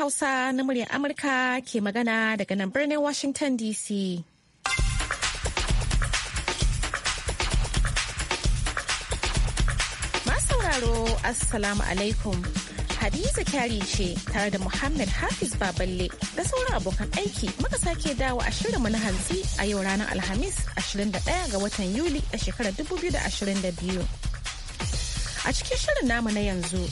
Hausa na muryar Amurka ke magana daga nan birnin Washington DC. sauraro Assalamu alaikum. Hadiza kyari ce tare da Muhammad Hafiz Baballe da sauran abokan aiki muka sake dawo a shirinmu na hantsi a yau ranar Alhamis 21 ga watan Yuli a shekarar 2022. A cikin shirin namu na yanzu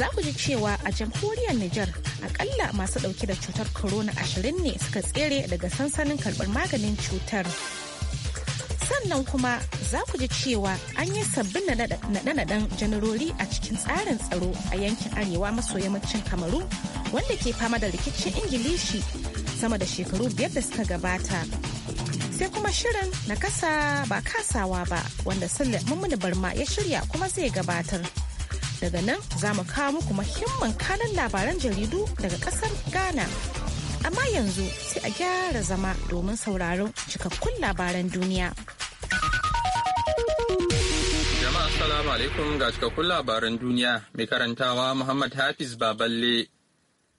za ku ji cewa a jamhuriyar Nijar akalla masu ɗauke da cutar corona ashirin ne suka tsere daga sansanin karɓar maganin cutar. Sannan kuma za ku ji cewa an yi sabbin naɗe-naɗen janarori a cikin tsarin tsaro a yankin arewa maso yammacin Kamaru wanda ke fama da rikicin Ingilishi sama da shekaru biyar da suka gabata. sai kuma shirin na kasa ba kasawa ba wanda sulle mummuni barma ya shirya kuma zai gabatar Daga nan za mu kawo muku mahimman kanan labaran jaridu daga kasar Ghana. Amma yanzu sai a gyara zama domin sauraron cikakkun labaran duniya. Jama'a Assalamu alaikum ga cikakkun labaran duniya mai karantawa Muhammad Hafiz Baballe.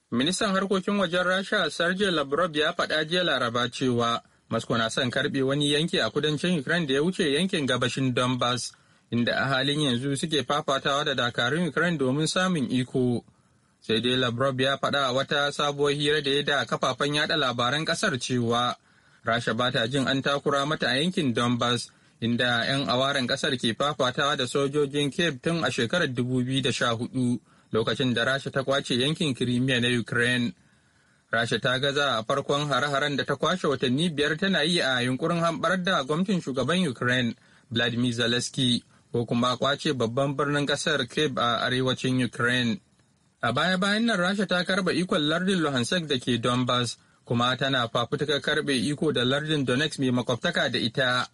Ministan harkokin wajen Rasha Sergei labrov ya faɗa jiya Laraba cewa Moscow na son karɓe wani yanki a kudancin Ukraine da ya wuce yankin gabashin Donbass inda a halin yanzu suke fafatawa da dakarun Ukraine domin samun iko. Sai dai Lavrov ya faɗa a wata sabuwar hira da ya da kafafen yada labaran ƙasar cewa Rasha ba ta jin an takura mata a yankin Donbass inda 'yan awaren ƙasar ke fafatawa da sojojin Kiev tun a shekarar 2014 lokacin da Rasha ta kwace yankin Crimea na Ukraine. Rasha ta gaza a farkon hare-haren da ta kwashe watanni biyar tana yi a yunkurin hambar da gwamnatin shugaban Ukraine Vladimir Zelensky ko kuma kwace babban birnin kasar Kyiv a arewacin Ukraine. A baya-bayan nan Rasha ta karba ikon lardin Luhansk da ke Donbass kuma tana fafutuka karbe iko da lardin Donetsk mai makwabtaka da ita.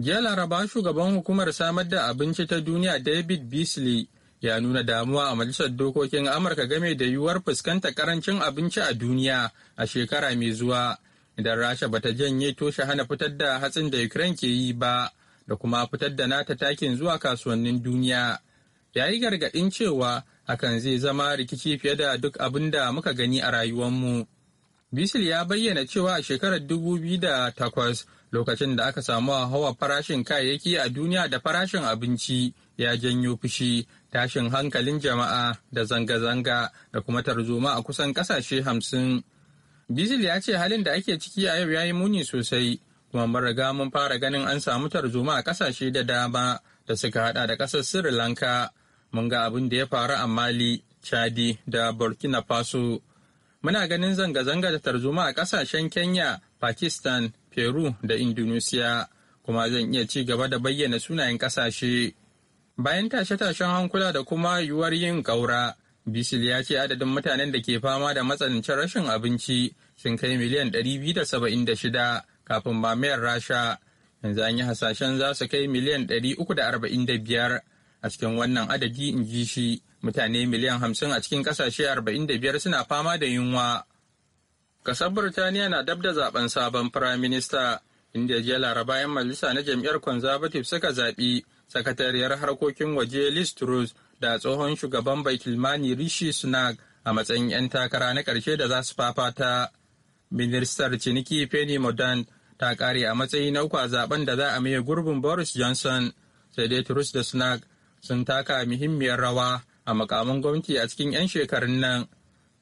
Jiya Laraba shugaban hukumar samar da abinci ta duniya David Beasley ya nuna damuwa a Majalisar Dokokin Amurka game da yiwuwar fuskanta karancin abinci a duniya a shekara mai zuwa idan Rasha bata janye toshe hana fitar da hatsin da Ukraine ke yi ba. da kuma fitar da nata takin zuwa kasuwannin duniya ya yi gargaɗin cewa hakan zai zama rikici fiye da duk abin da muka gani a rayuwarmu. bisil ya bayyana cewa a shekarar 2008 lokacin da aka samu hawa farashin kayayyaki a duniya da farashin abinci ya janyo fushi tashin hankalin jama'a da zanga-zanga da kuma tarzoma a kusan ƙasashe hamsin. bisil ya ce halin da ake ciki a yau ya yi muni sosai kuma mun riga mun fara ganin an samu tarzoma a kasashe da dama da suka hada da kasar sri lanka mun ga abin da ya faru a mali chadi da burkina faso muna ganin zanga-zanga da tarzoma a kasashen kenya pakistan peru da indonesia kuma zan iya ci gaba da bayyana sunayen kasashe bayan tashe-tashen hankula da kuma yiwuwar yin ƙaura bisil ya ce adadin mutanen da ke fama da matsanancin rashin abinci sun kai miliyan 276 kafin mamayar rasha yanzu an yi hasashen za su kai miliyan 345 a cikin wannan adadi in ji shi mutane miliyan 50 a cikin kasashe 45 suna fama da yunwa kasar birtaniya na dab da zaben sabon firaminista inda jiya laraba 'yan majalisa na jam'iyyar conservative suka zaɓi sakatariyar harkokin waje liz truss da tsohon shugaban baitulmani rishi sunak a matsayin 'yan takara na ƙarshe da za su fafata ministar ciniki penny modern ta kare a matsayi na uku a zaben da za a maye gurbin Boris Johnson sai dai Truss da Sunak sun taka muhimmiyar rawa a makamin gwamnati a cikin 'yan shekarun nan.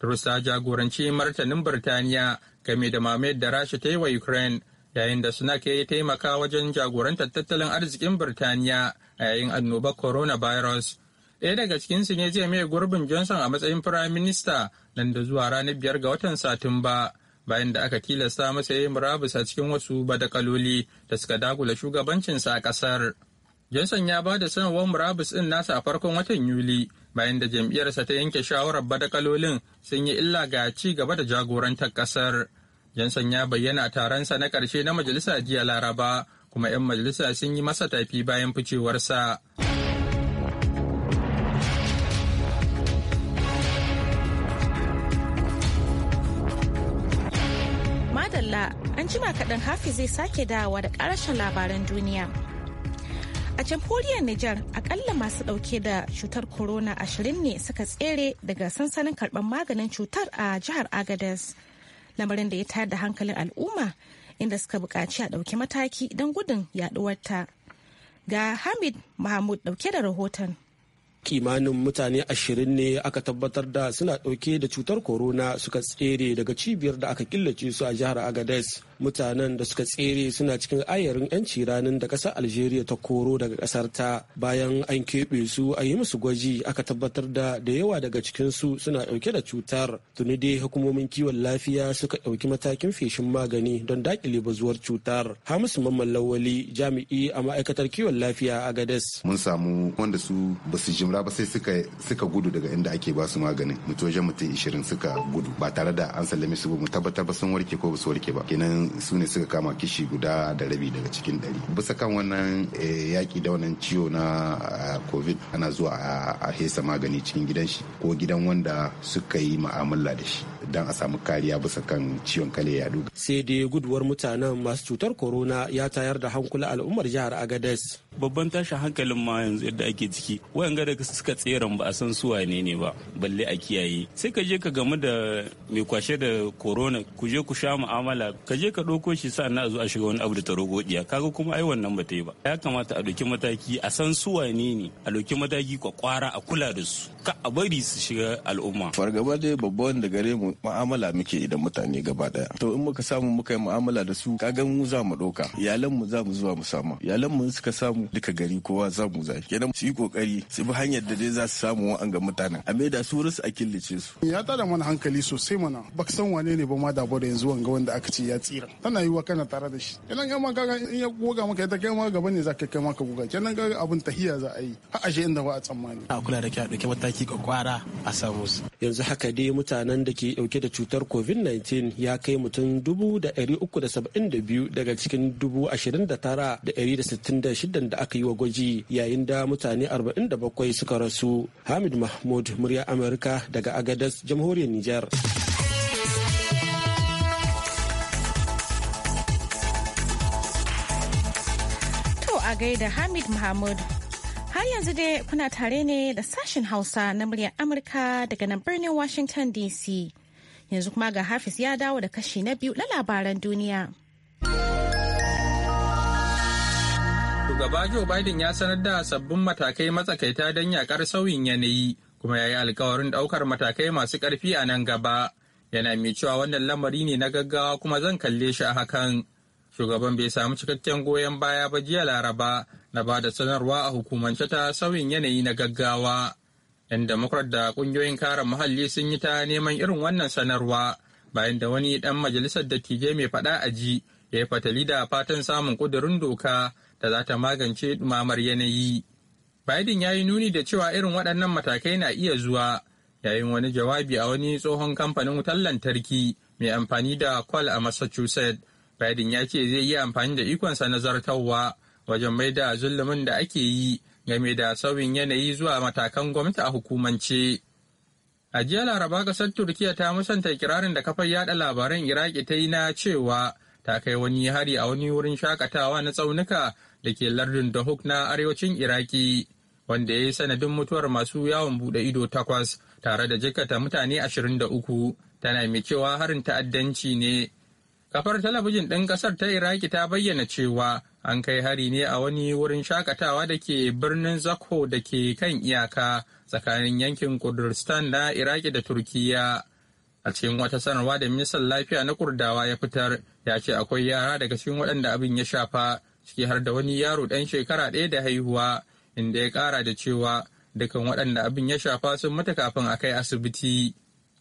Truss ta jagoranci martanin Birtaniya game da mamayar da Rasha ta yi wa Ukraine yayin da Sunak ya yi taimaka wajen jagorantar tattalin arzikin Birtaniya a yayin annobar coronavirus. Ɗaya daga cikinsu ne zai maye gurbin Johnson a matsayin Firayim Minista nan da zuwa ranar biyar ga watan Satumba. bayan da aka tilasta masa yin murabus a cikin wasu badakaloli da suka dagula shugabancinsa a kasar Johnson ya ba da sanarwar murabus ɗin nasa a farkon watan Yuli bayan da jam'iyyarsa ta yanke shawarar badakalolin sun yi illa ga ci gaba da jagorantar kasar Johnson ya bayyana taron sa na ƙarshe na majalisa jiya Laraba kuma 'yan majalisa sun yi masa tafi bayan ficewarsa. jima kaɗan hafi zai sake dawowa da ƙarashen labaran duniya. A jamhuriyar Nijar akalla masu ɗauke da cutar corona ashirin ne suka tsere daga sansanin karɓar maganin cutar a jihar Agadez. Lamarin da ya tayar da hankalin al'umma inda suka buƙaci a ɗauki mataki don gudun yaɗuwarta. Ga Hamid Mahmud ɗauke da rahoton. kimanin mutane ashirin ne aka tabbatar da suna ɗauke da cutar corona suka tsere daga cibiyar da aka killace su a jihar agadez mutanen da suka tsere suna cikin ayarin 'yanci ranar da ƙasar algeria ta koro daga ƙasar ta bayan an keɓe su a yi musu gwaji aka tabbatar da da yawa daga cikinsu suna ɗauke da cutar tuni dai hukumomin kiwon lafiya suka ɗauki matakin feshin magani don daƙile bazuwar cutar hamisu mamman lawali jami'i a ma'aikatar kiwon lafiya a gades mun samu wanda su ba su jimra ba sai suka gudu daga inda ake ba su maganin mutum wajen mutum ishirin suka gudu ba tare da an sallame su ba mu tabbatar ba sun warke ko ba su warke ba kenan su ne suka kama kishi guda da rabi daga cikin ɗari bisa kan wannan eh, yaƙi da wannan ciwo na ah, covid ana zuwa a hesa magani cikin gidan shi ko gidan wanda suka yi ma'amala da shi don a samu kariya bisa kan ciwon kale ya yaɗu. sai dai guduwar mutanen masu cutar corona ya tayar da hankula al'ummar jihar agadez babban tashin hankalin ma yanzu yadda ake ciki wayan gada suka tseren ba a san su wane ne ba balle a kiyaye sai ka je ka gamu da mai kwashe da corona ku je ku sha mu'amala ka je ka ka ɗauko shi sa na zo a shiga wani abu da ta diya kaga kuma ai wannan ba ta yi ba ya kamata a ɗauki mataki a san su wane ne a ɗauki mataki kwakwara a kula da su ka a bari su shiga al'umma fargaba dai babban da gare mu mu'amala muke idan mutane gaba daya to in muka samu muka yi mu'amala da su kaga mu za mu ɗauka iyalan mu za mu zuwa mu samu iyalan mu suka samu duka gari kowa za mu zai kenan su yi kokari su bi hanyar da dai za su samu wa'an ga mutanen a da su rusu a killace su ya tada mana hankali sosai mana baksan san wane ne ba ma da yanzu wanga wanda aka ce ya tsira tana yi wa kana tare da shi kenan kai maka kaga in ya goga maka ita kai ma gaba ne zaka kai ma ka goga kenan ga abin tahiya za a yi a ashe inda ba a tsammani a kula da kyau dauke mataki kwakwara a samu su yanzu haka dai mutanen da ke dauke da cutar covid-19 ya kai mutum dubu da ɗari uku da saba'in da biyu daga cikin dubu ashirin da tara da ɗari da sittin da shidan da aka yi wa gwaji yayin da mutane arba'in da bakwai suka rasu hamid mahmud murya amurka daga agadas jamhuriyar nijar a gaida Hamid Mahmud. Har yanzu dai kuna tare ne da sashen Hausa na muryar Amurka daga nan birnin Washington DC. Yanzu kuma ga Hafiz ya dawo da kashi na biyu na labaran duniya. Shugaba Joe Biden ya sanar da sabbin matakai matsakaita don yakar sauyin yanayi kuma ya yi alkawarin ɗaukar matakai masu karfi a nan gaba. Yana mai cewa wannan lamari ne na gaggawa kuma zan kalle shi a hakan. shugaban bai samu cikakken goyon baya ba jiya laraba na ba da sanarwa a hukumance ta sauyin yanayi na gaggawa yan demokrat da kungiyoyin kare muhalli sun yi ta neman irin wannan sanarwa bayan da wani dan majalisar da dattijai mai fada a ji ya yi fatali da fatan samun kudurin doka da za ta magance dumamar yanayi biden ya yi nuni da cewa irin waɗannan matakai na iya zuwa yayin wani jawabi a wani tsohon kamfanin wutar lantarki mai amfani da kwal a massachusetts Biden ya ce zai yi amfani da ikonsa na zartawa wajen mai da zulumin da ake yi game da sauyin yanayi zuwa matakan gwamnati a hukumance. A jiya Laraba gasar Turkiya ta musanta kirarin da kafar yada labaran Iraki ta yi na cewa ta kai wani hari a wani wurin shakatawa na tsaunuka da ke lardin Dahuk na arewacin Iraki, wanda ya yi sanadin mutuwar masu yawon bude ido takwas tare da jikata mutane 23 tana mai cewa harin ta'addanci ne. Kafar talabijin ɗin ƙasar ta Iraki ta bayyana cewa an kai hari ne a wani wurin shakatawa da ke birnin Zakho da ke kan iyaka tsakanin yankin Kurdistan na Iraki da Turkiyya. A cikin wata sanarwa da ministan lafiya na Kurdawa ya fitar ya ce akwai yara daga cikin waɗanda abin ya shafa ciki har da wani yaro ɗan shekara ɗaya da haihuwa inda ya ƙara da cewa dukan waɗanda abin ya shafa sun mutu kafin a kai asibiti.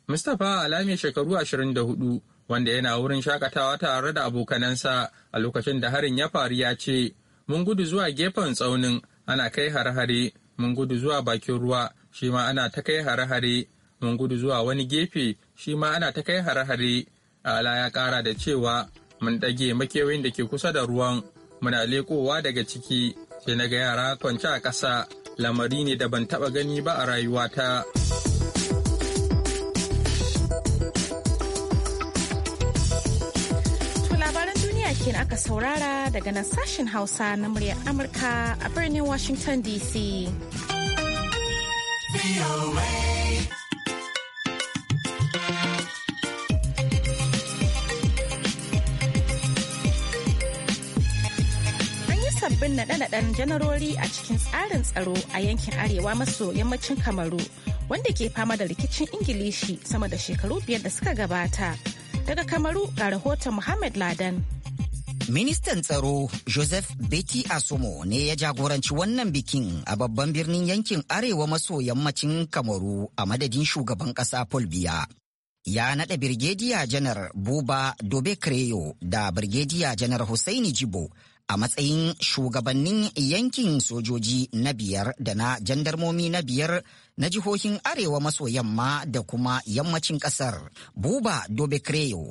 Mustapha Alame shekaru ashirin hudu wanda yana wurin shakatawa tare da abokanansa a lokacin da harin ya faru ya ce mun gudu zuwa gefen tsaunin ana kai hare-hare mun gudu zuwa bakin ruwa shi ma ana ta kai hare-hare mun gudu zuwa wani gefe shi ma ana ta kai hare-hare ala ya kara da cewa mun ɗage makewayin da ke kusa da ruwan muna lekowa daga ciki sai na ga yara kwance a ƙasa lamari ne da ban taɓa gani ba a rayuwata. Bikin aka saurara daga nan sashen Hausa na muryar Amurka a birnin Washington DC. An yi sabbin naɗe-naɗen janarori a cikin tsarin tsaro a yankin arewa maso yammacin kamaru wanda ke fama da rikicin ingilishi sama da shekaru biyar da suka gabata daga kamaru ga rahoton muhammad Laden. Ministan tsaro Joseph Beti Asomo ne ya jagoranci wannan bikin a babban birnin yankin arewa maso yammacin Kamaru a madadin shugaban ƙasa Paul Biya. Ya naɗa Birgediya Janar Buba Dobe Kreyo da Birgediya Janar Hussaini Jibo a matsayin shugabannin yankin sojoji na biyar da na jandarmomi na biyar na jihohin arewa maso yamma da kuma yammacin kasar. Buba Dobe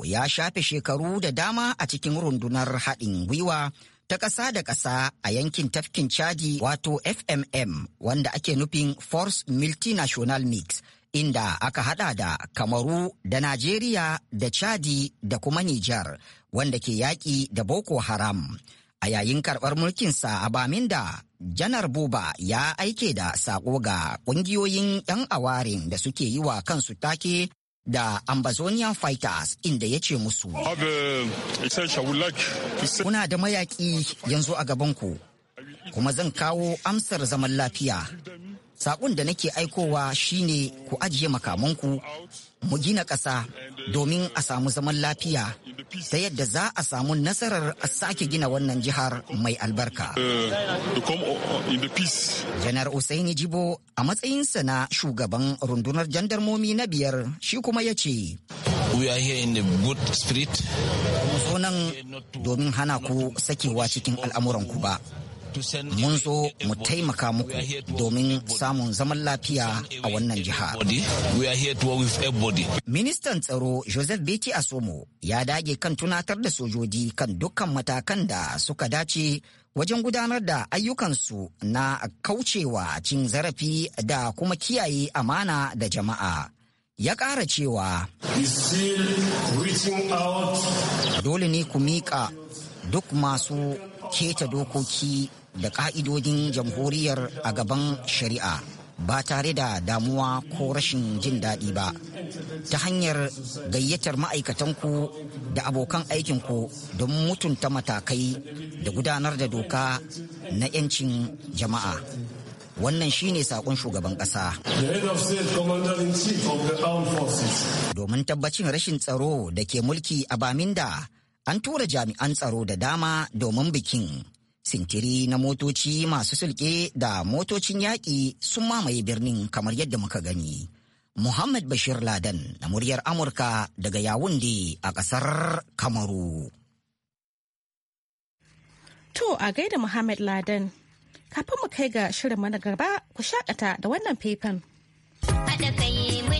ya shafe shekaru da dama a cikin rundunar haɗin gwiwa ta ƙasa da ƙasa a yankin tafkin Chadi wato FMM wanda ake nufin Force Multinational Mix. Inda aka hada da Kamaru da Najeriya da Chadi da kuma Nijar wanda ke yaƙi da Boko Haram. a yayin karɓar mulkinsa a Baminda, Janar Buba ya aike da saƙo ga ƙungiyoyin 'yan awarin da suke yi wa kansu take da Ambazonian Fighters inda ya ce musu. Uh, Kuna da mayaƙi yanzu a gabanku, kuma zan kawo amsar zaman lafiya. Saƙon da nake aikowa shine ku ajiye makamanku mu gina ƙasa domin a samu zaman lafiya ta yadda za a samu nasarar a sake gina wannan jihar mai albarka. Uh, Janar Usaini Jibo a matsayinsa na shugaban rundunar jandarmomi na biyar shi kuma ya ce. We Zo nan domin hana ku sakewa cikin al'amuranku ba. mun zo mu taimaka muku domin samun zaman lafiya a wannan jiha. Ministan tsaro Joseph Beki Asomo ya dage kan tunatar da sojoji kan dukkan matakan da suka dace wajen gudanar da ayyukansu na kaucewa cin zarafi da kuma kiyaye amana da jama'a. ya ƙara cewa dole ne ku miƙa duk masu keta dokoki da ƙa'idodin jamhuriyar a gaban shari'a ba tare da damuwa ko rashin jin daɗi ba ta hanyar gayyatar ma'aikatanku da abokan aikinku don mutunta matakai da gudanar da doka na 'yancin jama'a wannan shine saƙon shugaban ƙasa Domin tabbacin rashin tsaro da ke mulki a Baminda an tura jami'an tsaro da dama domin bikin. Sintiri na motoci masu sulke da motocin yaƙi sun mamaye birnin kamar yadda muka gani. Muhammad Bashir Laden na muryar Amurka daga Yawunde a ƙasar Kamaru. To a gaida Muhammad Laden, kafin mu kai ga shirin mana gaba ku shakata da wannan faifan. Haɗa kai mu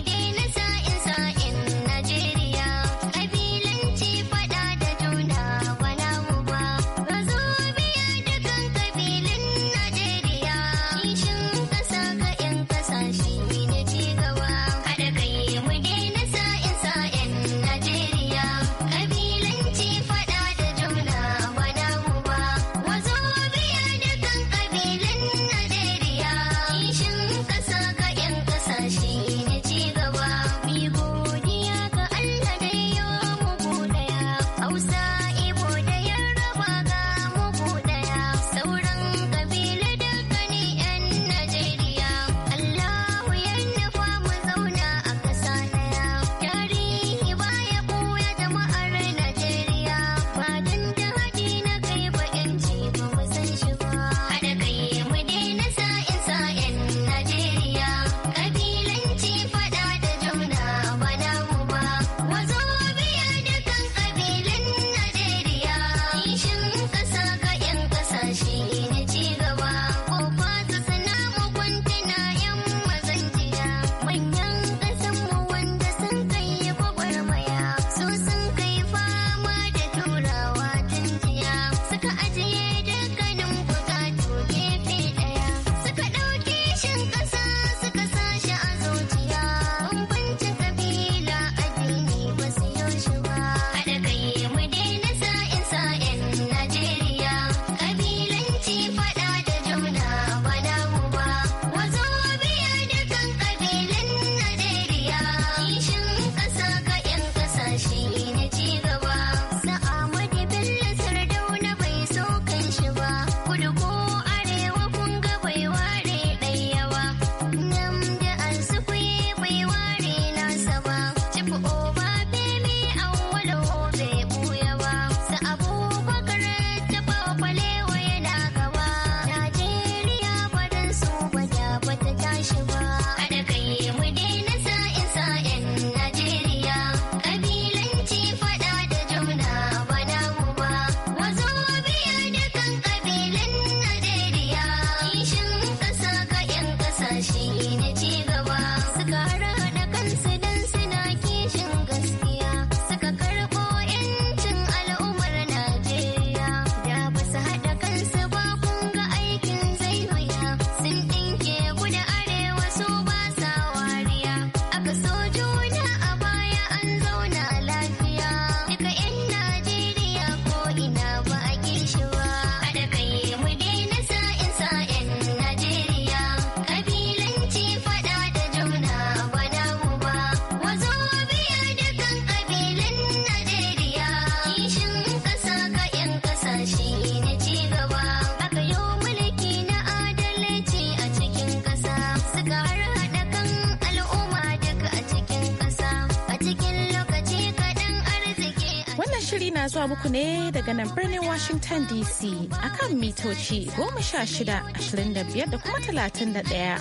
zuwa muku ne daga nan birnin Washington DC akan mitoci 16-25 da kuma 31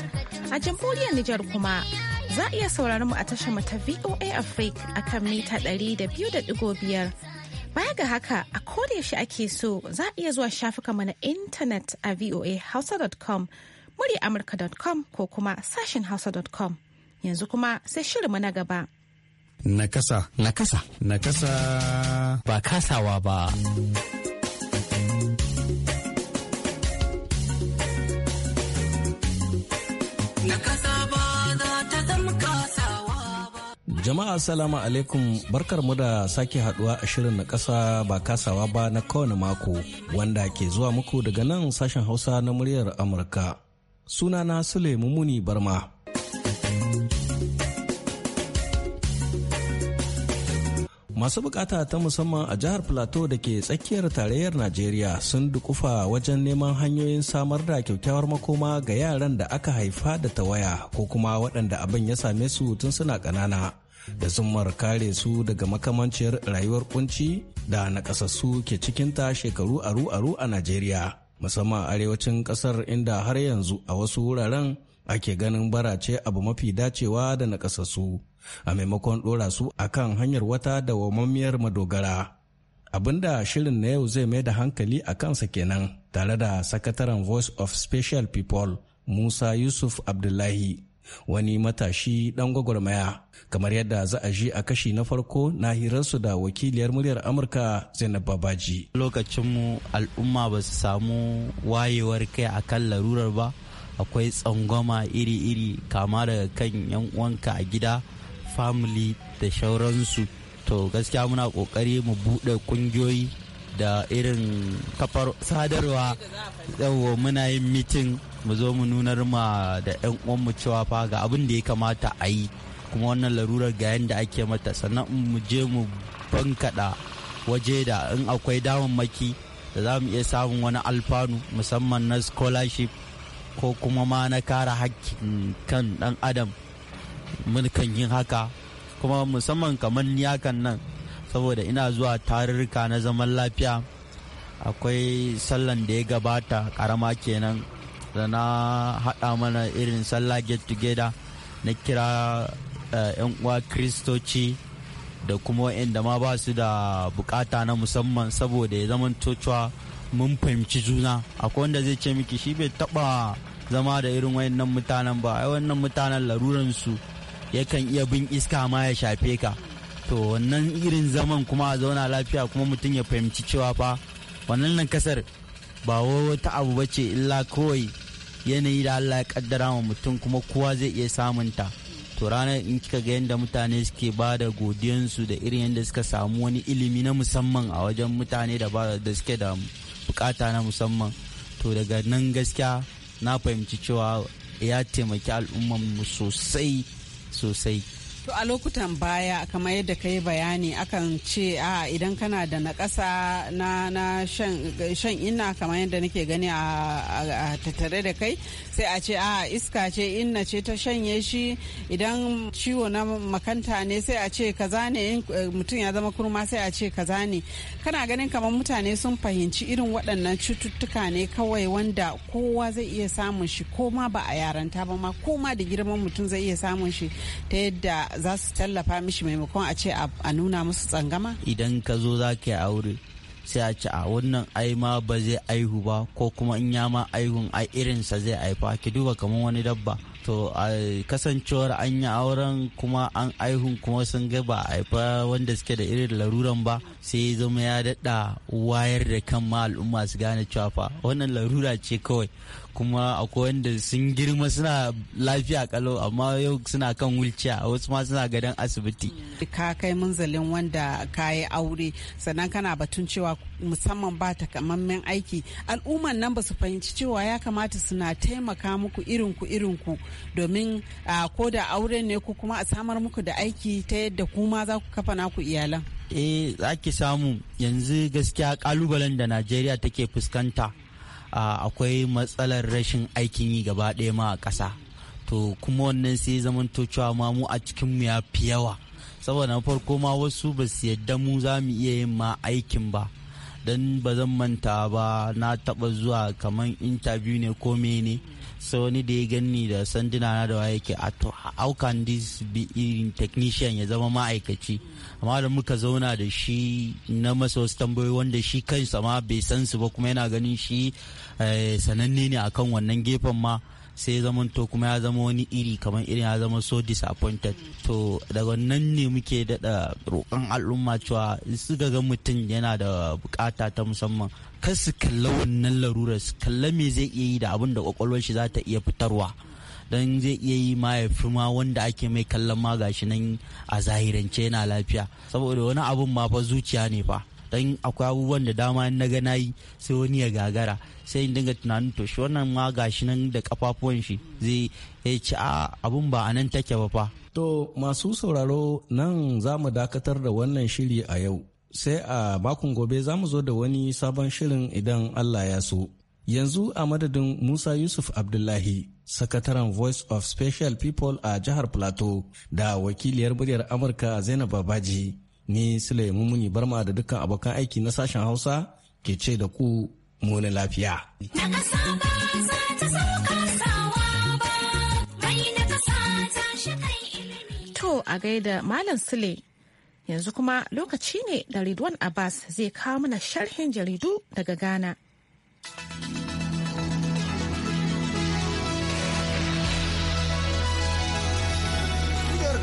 a jamhuriyar Nijar kuma za a iya sauraron mu a tashar mu ta VOA Africa akan mita 200.5 baya ga haka a yaushe ake so za a iya zuwa shafuka mana intanet a voahausa.com murya amurka.com ko kuma sashen hausa.com yanzu kuma sai shirinmu na gaba. Nakasa. Nakasa. Nakasa. Ba kasawa ba. Jama'a salamu alaikum barkar mu da sake haduwa a shirin na kasa ba kasawa ba na kowane mako wanda ke zuwa muku daga nan sashen hausa na muryar Amurka. Sunana Sule Mumuni Barma. masu bukata ta musamman a jihar plateau da ke tsakiyar tarayyar najeriya sun dukufa wajen neman hanyoyin samar da kyakkyawar makoma ga yaran da aka haifa da tawaya ko kuma waɗanda abin ya same su tun suna ƙanana da zummar kare su daga makamanciyar rayuwar kunci da nakasassu ke cikin ta shekaru aru-aru a najeriya musamman arewacin ƙasar inda har yanzu a wasu wuraren ake ganin barace abu mafi dacewa da nakasassu a maimakon ɗora su a kan hanyar wata dawamammiyar madogara. abinda shirin na yau zai mai da hankali a kansa kenan tare da sakataren voice of special people musa yusuf abdullahi wani matashi ɗan gwagwarmaya kamar yadda za a ji a kashi na farko na hirarsu da wakiliyar muryar amurka zainab babaji lokacinmu al'umma ba su samu wayewar kai a kan larurar ba akwai tsangwama iri-iri kama daga kan 'yan uwanka a gida family da shauransu to gaskiya muna kokari mu bude kungiyoyi da irin kafar sadarwa yawo muna yin mitin mu zo mu nunar ma da 'yan uwanmu cewa fa ga abin da ya kamata a yi kuma wannan larurar ga yadda ake mata sannan mu je mu bankaɗa waje da in akwai damammaki da za mu iya samun wani alfanu musamman na scholarship ko kuma ma na kara hakkin kan ɗan adam kan yin haka kuma musamman kamar niyakan nan saboda ina zuwa tarurruka na zaman lafiya akwai sallan da ya gabata karama kenan da na haɗa mana irin sallah get together na kira yan eh, uwa kristoci da kuma inda ma ba su da bukata na musamman saboda ya zama cocewa mun fahimci juna akwai wanda zai ce miki shi bai taba zama da irin wayannan mutanen ba ai wannan mutanen laruransu su yakan iya bin iska ma ya shafe ka to wannan irin zaman kuma a zauna lafiya kuma mutum ya fahimci cewa fa wannan nan kasar ba wata abu ba ce illa kawai yanayi da Allah ya kaddara wa mutum kuma kowa zai iya samun ta to ranar in kika ga yadda mutane suke ba da godiyansu da irin yadda suka samu wani ilimi na musamman a wajen mutane da suke da bukata na musamman to daga nan gaskiya na fahimci cewa ya taimaki al'ummar mu sosai 熟悉。To a lokutan baya kamar yadda ka yi bayani akan ce a idan kana da nakasa na na shan inna kamar yadda nake gani a tattare da kai sai a ce a iska ce inna ce ta shanye shi idan ciwo na makanta ne sai a ce kaza ne eh, mutum ya zama kurma sai a ce kaza ne kana ganin kamar mutane sun fahimci irin waɗannan cututtuka ne kawai wanda kowa zai iya samun shi ko ma ba a yaranta ba ma ko ma da girman mutum zai iya samun shi ta yadda za su tallafa mishi maimakon a ce a nuna musu tsangama idan ka zo za ka aure sai a ce a wannan ai ma ba zai aihu ba ko kuma in ya ma aihun ai irinsa zai aifa ki duba kamar wani dabba to a kasancewar an yi auren kuma an aihun kuma sun ga ba aifa wanda suke da irin laruran ba sai ya zama ya daɗa wayar da kan ma al'umma su gane cewa fa wannan larura ce kawai kuma akwai wanda sun girma suna lafiya kalau amma yau suna kan wulciya wasu ma suna gadon asibiti ka kai munzalin wanda ka yi aure sannan kana batun cewa musamman ba takamammen aiki al'umman nan ba su fahimci cewa ya kamata suna taimaka muku irin ku irin ku domin ko da aure ne ku kuma a samar muku da aiki ta yadda kuma za ku kafa naku iyalan eh za ki samu yanzu gaskiya kalubalen da najeriya take fuskanta akwai matsalar rashin aikin yi gaba ɗaya ma a ƙasa to kuma wannan sai to cewa ma mu a cikin mu ya fi yawa saboda na farko ma wasu ba su yadda mu za mu iya yin ma aikin ba don ba zan manta ba na taɓa zuwa kamar intabiyu ne ko mene ne so wani da ya gani da sanduna na da waye ke to how can this be irin technician ya zama ma'aikaci amma da muka zauna da shi na masa wasu tambayoyi wanda shi kansa ma bai san su ba kuma yana ganin shi eh, sananne ne akan wannan gefen ma sai ya zama to kuma ya zama wani iri kamar irin ya zama so disappointed to daga nan ne muke daɗa roƙon al'umma cewa suka ga mutum yana da bukata ta musamman kar su kalla wannan larurar su kalla me zai iya yi da abin da kwakwalwar shi za ta iya fitarwa don zai iya yi ma ya fi ma wanda ake mai kallon ma gashi nan a zahirance yana lafiya saboda wani abun ma fa zuciya ne fa don akwai abubuwan da dama na ga nayi sai wani ya gagara sai in dinga tunanin to shi wannan ma gashi nan da kafafuwan shi zai ya ci a abun ba a nan take ba fa to masu sauraro nan za mu dakatar da wannan shiri a yau sai a makon gobe za mu zo da wani sabon shirin idan Allah ya so. Yanzu a madadin Musa Yusuf Abdullahi, sakataren Voice of Special People a jihar Plateau da wakiliyar muryar Amurka Zainab Babaji, ni Sule muni Barma da dukkan abokan aiki na sashen Hausa ke ce da ku muni lafiya. To a gaida Malam Sule Yanzu kuma lokaci ne da Ridwan Abbas zai kawo mana sharhin jaridu daga Ghana.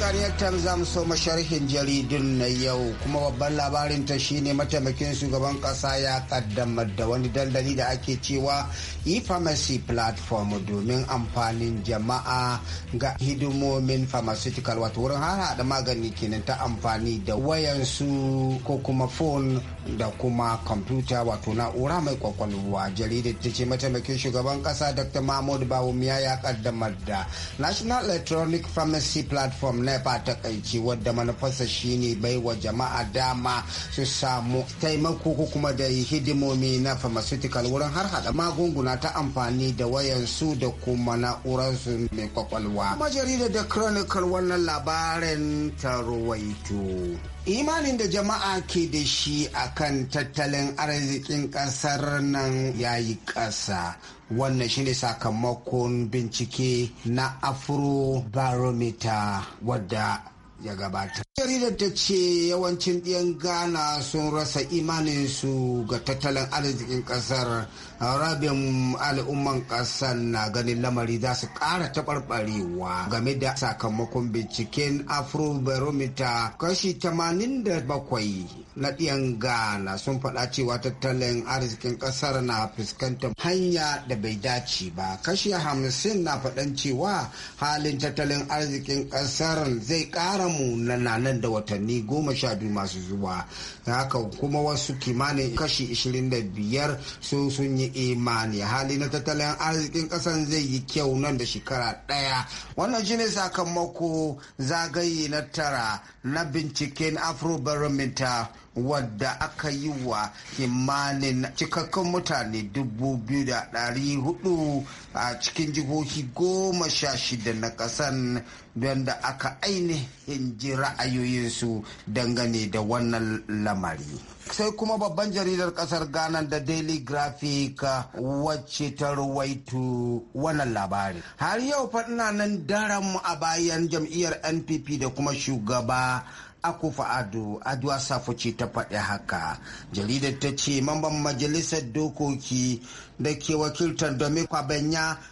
Ghanaian Times za mu so masharhin jaridun na yau kuma babban labarin ta shine mataimakin shugaban kasa ya kaddama da wani dandali da ake cewa e-pharmacy platform domin amfanin jama'a ga hidimomin pharmaceutical wato wurin hada magani kenan ta amfani da wayansu ko kuma phone da kuma kwamfuta wato na'ura mai kwakwalwa jaridar ta ce mataimakin shugaban kasa dr mahmud bawumiya ya kaddamar da national electronic pharmacy platform na ba ta takaici wadda manufarsa shine bai wa jama'a dama su samu taimako ko kuma da hidimomi na pharmaceutical wurin har hada magunguna ta amfani da wayansu da kuma na'urarsu mai kwakwalwa. Kuma jaridar da Chronicle wannan labarin ta ruwaito. imanin da jama'a ke da shi akan tattalin arzikin kasar nan yayi yi ƙasa wannan shine sakamakon bincike na afro barometer wadda ya gabata. Jaridar ta ce yawancin ɗiyan Ghana sun rasa imaninsu ga tattalin arzikin kasar rabin al'umman kasar na ganin lamari za su kara taɓarɓarewa game da sakamakon binciken Afrobarometer kashi 87 na ɗiyan Ghana sun faɗa cewa tattalin arzikin kasar na fuskantar hanya da bai dace ba. Kashi 50 na faɗan cewa halin tattalin arzikin kasar zai ƙara namu na nan da watanni goma sha biyu masu zuwa haka kuma wasu kimanin kashi 25 su sun yi imani hali na tattalin arzikin kasan zai yi kyau nan da shekara daya wannan shine sakamako zagaye na tara na binciken afrobarometer wadda aka yi wa kimanin cikakkun mutane dubu biyu da ɗari hudu a cikin jihohi goma sha shida na kasan don da aka ainihin ji ra'ayoyinsu dangane da wannan lamari. Sai kuma babban jaridar kasar Ghana da Daily Graphic wacce ta ruwaitu wannan labari. Har yau faɗina nan daram a bayan jam'iyyar NPP da kuma shugaba akufa ado ado asafo ce ta faɗi haka jaridar ta ce mamban majalisar dokoki da ke wakiltar domin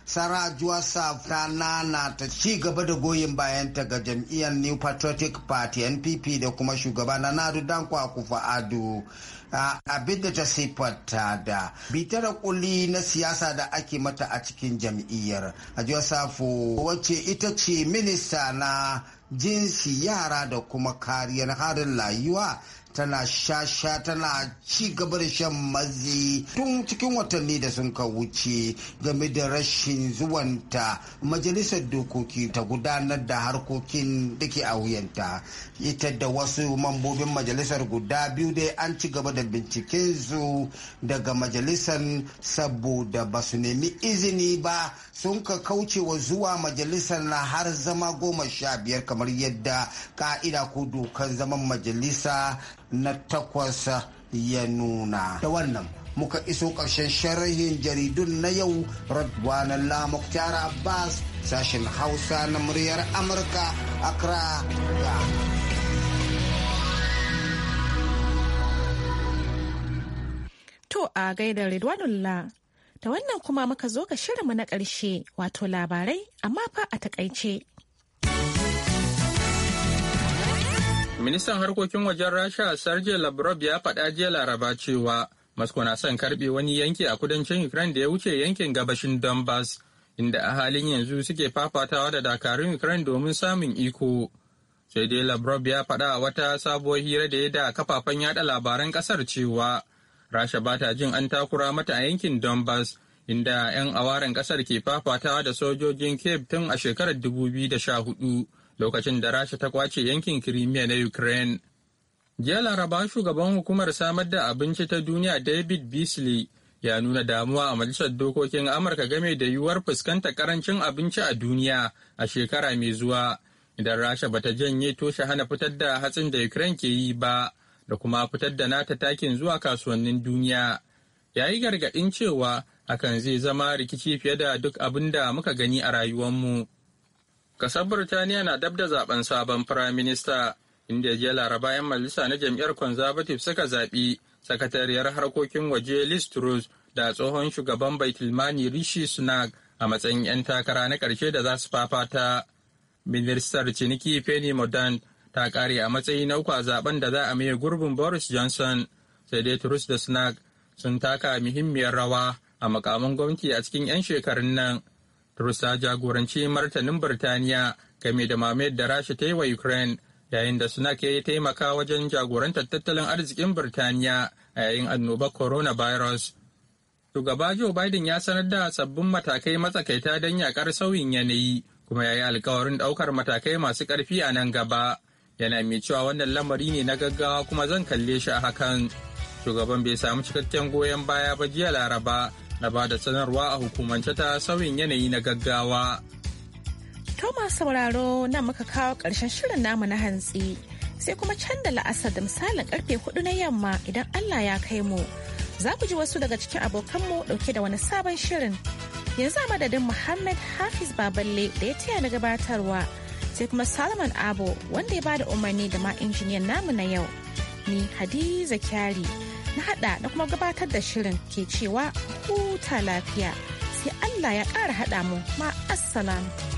sara juwasa safta nana ta ci gaba da goyin bayan ta ga jam'iyyar new patriotic party npp da kuma shugaba na nadu danko akufa ado abin da ta siffanta da bitar kuli na siyasa da ake mata a cikin jam'iyyar a safo wacce ita ce minista na jinsi yara da kuma kariyar harin layuwa tana shasha tana ci gaba da shan mazi tun cikin watanni da sun ka wuce game da rashin zuwanta majalisar dokoki ta gudanar da harkokin da ke a wuyanta ita da wasu mambobin majalisar guda biyu dai an ci gaba da bincikensu daga majalisar saboda ba su nemi izini ba sun ka kaucewa zuwa majalisar na har zama goma sha biyar kamar yadda ka'ida ko dokan zaman majalisa na takwas ya nuna da wannan muka iso ƙarshen sharhin jaridun na yau radwanan Tara, abbas sashen hausa na muryar amurka accra to a gaida ridwanullah da wannan kuma muka zo ga shirinmu na ƙarshe wato labarai amma fa a takaice Ministan harkokin wajen Rasha Sergei Lavrov ya faɗa jiya Laraba cewa Moscow na son karɓe wani yanki a kudancin Ukraine da ya wuce yankin gabashin Donbass, inda a halin yanzu suke fafatawa da dakarun Ukraine domin samun iko. Sai dai Lavrov ya faɗa a wata sabuwar hira da ya da kafafen yada labaran ƙasar cewa Rasha ba ta jin an takura mata a yankin Donbass, inda 'yan awaren ƙasar ke fafatawa da sojojin Kiev tun a shekarar 2014. lokacin da rasha ta kwace yankin kirimiya na ukraine jiya laraba shugaban hukumar samar da abinci ta duniya david beasley ya nuna damuwa a majalisar dokokin amurka game da yiwuwar fuskantar karancin abinci a duniya a shekara mai zuwa idan rasha bata janye toshe hana fitar da hatsin da ukraine ke yi ba da kuma fitar da nata takin zuwa kasuwannin duniya ya yi gargaɗin cewa hakan zai zama rikici fiye da duk abin da muka gani a rayuwarmu. Kasar Birtaniya na dab da zaben sabon firaminista inda jiya laraba 'yan majalisa na jam'iyyar conservative suka zaɓi sakatariyar harkokin waje Liz Truss da tsohon shugaban Baitulmani Rishi Sunak a matsayin 'yan takara na ƙarshe da za su fafata. Ministar ciniki Penny Modern ta ƙare a matsayi na uku a zaben da za a maye gurbin Boris Johnson sai dai Truss da Sunak sun taka muhimmiyar rawa a makamin gwamnati a cikin 'yan shekarun nan Rusa jagoranci martanin Birtaniya game da mamayar da Rasha ta yi wa Ukraine yayin da Sunak ya taimaka wajen jagorantar tattalin arzikin Birtaniya a yayin annobar coronavirus. Shugaba Joe Biden ya sanar da sabbin matakai matsakaita don yakar sauyin yanayi kuma ya yi alkawarin ɗaukar matakai masu ƙarfi a nan gaba. Yana mai cewa wannan lamari ne na gaggawa kuma zan kalle shi a hakan. Shugaban bai samu cikakken goyon baya ba jiya Laraba na ba da sanarwa a hukumance ta sauyin yanayi na gaggawa. Thomas sauraro na muka kawo ƙarshen shirin namu na hantsi sai kuma can da la'asar da misalin karfe hudu na yamma idan Allah ya kai mu. Za ku ji wasu daga cikin abokanmu ɗauke da wani sabon shirin. Yanzu a madadin Muhammad Hafiz Baballe da ya taya na gabatarwa sai kuma Salman Abo wanda ya bada umarni da ma injiniyan namu na yau. Ni Hadiza Kyari. na hada da kuma gabatar da shirin ke cewa huta lafiya sai Allah ya ƙara hada mu ma assalamu.